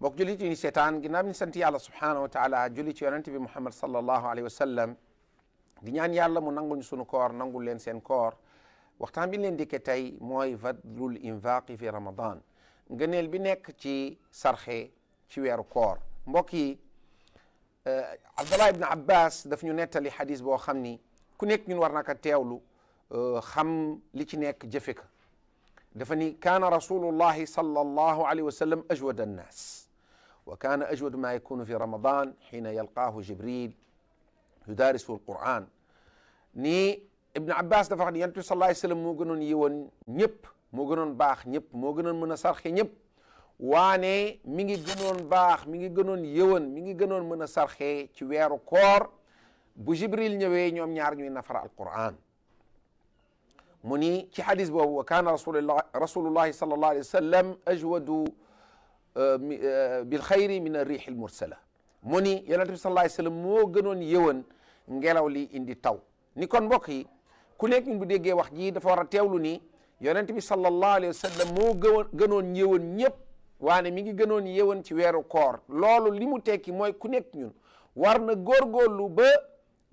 mbokk jullit yi ñu seetaan ginnaaw ñu sant yàlla subhaanahu wa taala julli ci yonente bi muhammad sallallahu alayhi wa sallam di ñaan yàlla mu nangul ñu sunu koor nangul leen seen koor waxtaan bi leen di tey mooy fadlul infaqi fi ramadan ngëneel bi nekk ci sarxe ci weeru koor mbokk yi eh, abdallah ibn abbas daf ñu nettali xadis boo xam ni ku nekk ñun war naka teewlu eh, xam li ci nekk jëfe dafa ni kaana rasulullahi sallallahu alayhi wa sallam ajwada annaas وكان أجود ما يكون في رمضان حين يلقاه جبريل يدارسه القرآن ni Ibn Abbas dafa wax ni yonent bi sallallahu alayhi wa sallam moo gënoon yiwoon ñëpp moo gënoon baax ñëpp moo gënoon mën a sarxe ñëpp waane mi ngi gënoon baax mi ngi gënoon yëwan mi ngi gënoon mën a sarxe ci weeru koor bu Jibril ñëwee ñoom ñaar ñuy nafara alquran mu ni ci xadis boobu wa kaana rasulullah rasulullahi sallallahu alayhi wa sallam ajwadu Eh, bil xayri min arriixi almursala mu ni yonente bi sallallahu alayhi wasallam moo gënoon yëwan ngelaw li indi taw ni kon mbokk yi ku nekk ñun bu déggee wax jii dafa war a teewlu ni yonente bi sallallahu alayhi wasallam moo gëwoon gënoon yëwan ñëpp waane mi ngi gënoon yëwan ci weeru koor loolu li mu tekki mooy ku nekk ñun war na lu ba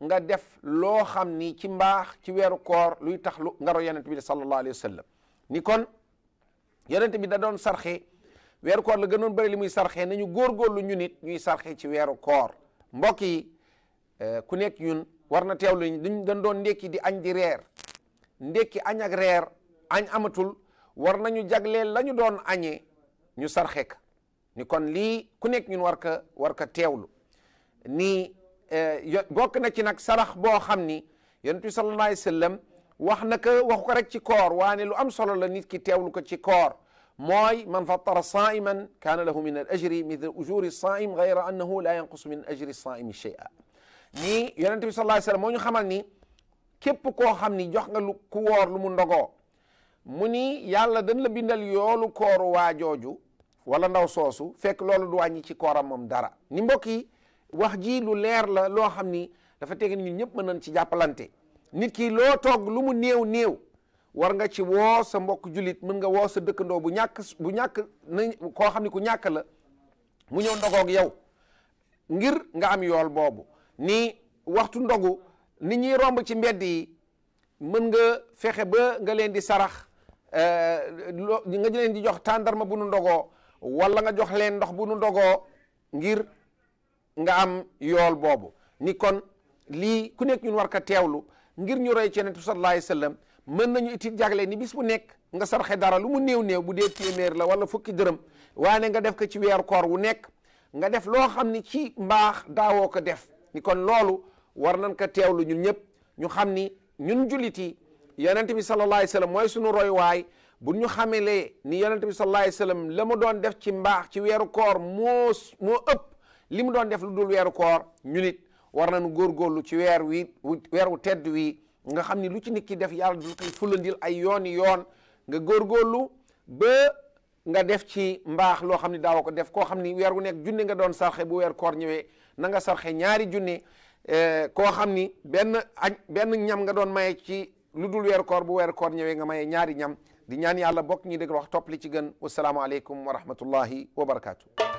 nga def loo xam ni ci mbaax ci weeru koor luy tax lu nga ro yonente bi sallallahu alayhi wasallam ni kon yonente da doon sarxe weeru koor la gënoon bëri li muy sarxee nañu góorgóorlu ñu nit ñuy sarxee ci weeru koor mbokk yi eh, ku nekk ñun war na teew teewlu dañ doon ndekki di añ di reer ndekki añ ak reer añ amatul war nañu jagleel lañu doon añee ñu sarxe ni kon lii ku nekk ñun war ka war ka teewlu ni eh, bokk na ci nag sarax boo xam ni yonent bi sallallahu alayhi wa sallam wax na ko waxu rek ci koor waane lu am solo la nit ki teewlu ko ci koor mooy man fattara saaiman kaana lahu min al ajri mithla ujuri saaim gayra annahu la yanqusu min ajri saaimi shay'a nii yonente bi sallallahu alayhi wa sallam moo ñu xamal ni képp koo xam ni jox nga lu ku woor lu mu ndogoo mu ni yàlla dañ la bindal yoolu kooru waa jooju wala ndaw soosu fekk loolu du wàññi ci kooram moom dara ni mbokk yi wax ji lu leer la loo xam ni dafa teg ni ñun ñëpp mën nañ ci jàppalante nit ki loo toog lu mu néew néew war nga ci woo sa mbokk jullit mën nga woo sa dëkkandoo bu ñàkk bu ñàkk na koo xam ne ku ñàkk la mu ñëw ndogoog yow ngir nga am yool boobu ni waxtu ndogu ni ñuy romb ci mbedd yi mën nga fexe ba nga leen di sarax eh, nga leen di jox tàndarma bu nu ndogoo wala nga jox leen ndox bu nu ndogoo ngir nga am yool boobu ni kon lii ku nekk ñun war ka teewlu ngir ñu roy ci yonent bi sallallahu mën nañu itti jagle ni bis bu nekk nga sarxe dara lu mu néew néew bu dee téeméer la wala fukki dërëm waane nga def ko ci weeru koor wu nekk nga def loo xam ni ci mbaax daawoo ko def ni kon loolu war nañ ko lu ñu ñëpp ñu xam ni ñun jullit yi yonent bi sallallahu alayhi wasallam mooy suñu roy waay bu ñu xamee xamelee ni yonent bi sallallahu alayhi wasallam la mu doon def ci mbaax ci weeru koor moo moo ëpp li mu doon def lu dul weeru koor ñu nit war nañu góorgóorlu ci weer wi weer wu tedd nga xam ni lu ci nit ki def yàlla du koy fulandil ay yooni yoon nga góorgóorlu ba nga def ci mbaax loo xam ni daaw ko def koo xam ni weer wu nekk junne nga doon sarxe bu weer koor ñëwee na nga sarxe ñaari junne eh, koo xam ni benn añ benn ñam nga doon maye ci lu dul weer koor bu weer koor ñëwee nga maye ñaari ñam di ñaan yàlla bokk ñi dégg wax topp li ci gën wasalaamualeykum wa rahmatullahi wa barakaatu.